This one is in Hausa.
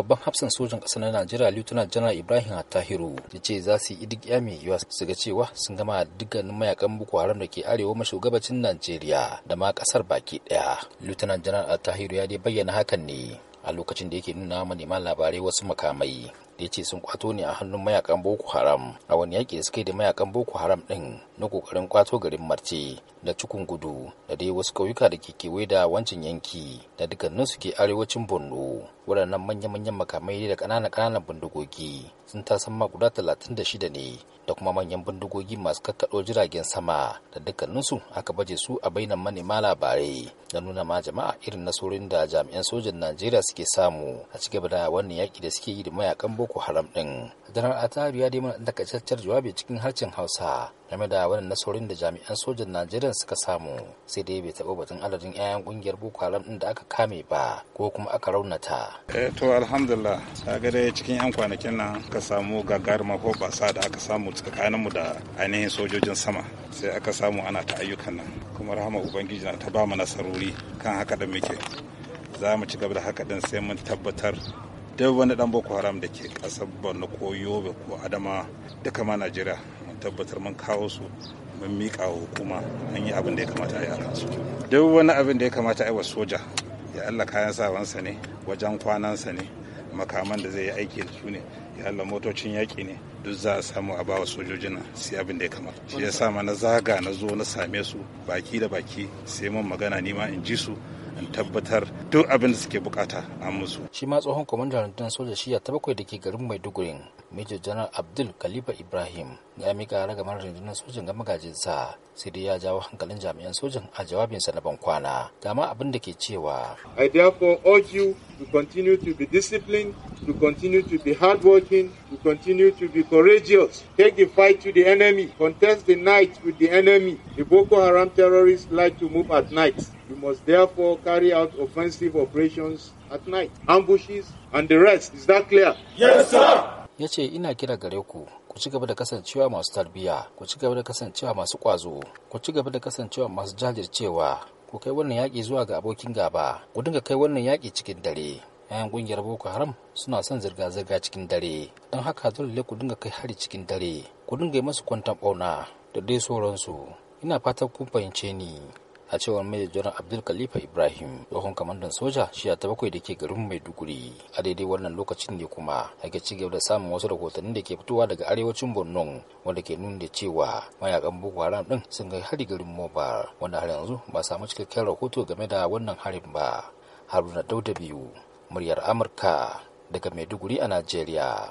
babban hafsan sojan ƙasa na najeriya lieutenant general ibrahim attahiru ya ce za su yi duk mai yiwa su ga cewa sun gama dukkanin mayakan boko haram da ke arewa maso gabacin najeriya da ma ƙasar baki ɗaya lieutenant general attahiru ya dai bayyana hakan ne a lokacin da yake nuna manema labarai wasu makamai ya ce sun kwato ne a hannun mayakan boko haram a wani yaƙi da suka yi da mayakan boko haram ɗin na ƙoƙarin kwato garin marce da cukun gudu da dai wasu ƙauyuka da ke kewaye da wancan yanki da dukkanin su ke arewacin borno waɗannan manya-manyan makamai da ƙananan-ƙananan bindigogi sun ma guda talatin da shida ne da kuma manyan bindigogi masu kakkaɗo jiragen sama da dukkaninsu aka baje su a bainan manema labarai da nuna ma jama'a irin nasorin da jami'an sojan najeriya suke samu a cigaba da wannan yaƙi da suke yi da mayakan boko boko haram din janar atari ya dai mana takaitaccen jawabi cikin harshen hausa game da wannan nasarorin da jami'an sojan najeriya suka samu sai dai bai taɓa batun adadin 'ya'yan ƙungiyar boko haram din da aka kame ba ko kuma aka raunata eh to alhamdulillah ga dai cikin 'yan kwanakin nan ka samu ba sa da aka samu tsakaninmu da ainihin sojojin sama sai aka samu ana ta ayyukan nan kuma rahama ubangiji na ta ba mu nasarori kan haka da muke za mu ci gaba da haka din sai mun tabbatar duk wani dan boko haram da ke kasar borno ko yobe ko adama duka ma najeriya mun tabbatar mun kawo su mun miƙa wa hukuma an yi abin da ya kamata a yi a kansu duk wani abin da ya kamata a yi wa soja ya allah kayan sawansa ne wajen kwanansa ne makaman da zai yi aiki da su ne ya Allah motocin yaƙi ne duk za a samu a bawa sojojin nan sai abin da ya kamata shi ya sa na zaga na zo na same su baki da baki sai mun magana nima in ji su in tabbatar duk abin da suke bukata a musu. Shi ma tsohon kwamandan rundunar soja shiya ta bakwai da ke garin Maiduguri, Major General Abdul Kalifa Ibrahim ya mika ragamar rundunar sojin ga magajinsa sai dai ya jawo hankalin jami'an sojin a jawabinsa na bankwana dama abin da ke cewa i therefore urge you to continue to be disciplined to continue to be hardworking to continue to be courageous take the fight to the enemy contest the night with the enemy the boko haram terrorists like to move at night you must therefore carry out offensive operations at night ambushes and the rest is that clear yes sir ya ce ina kira gare ku ku ci gaba da kasancewa masu tarbiya ku ci gaba da kasancewa masu kwazo ku ci gaba da kasancewa masu jajircewa ku kai wannan yaƙi zuwa ga abokin gaba ku dinga kai wannan yaƙi cikin dare yayan ƙungiyar boko haram suna son zirga-zirga cikin dare don haka dole ku dinga kai hari cikin dare ku dinga yi masu kwantan ɓauna da dai sauransu ina fatan kun fahimce ni a cewar mai jiran abdul khalifa ibrahim tsohon kamandan soja shiya ta bakwai da ke garin maiduguri a daidai wannan lokacin ne kuma ake ci gaba da samun wasu rahotanni da ke fitowa daga arewacin borno wanda ke nuna da cewa mayakan boko haram din sun kai hari garin mobar wanda har yanzu ba samu cikakken rahoto game da wannan harin ba haruna dauda biyu muryar amurka daga maiduguri a najeriya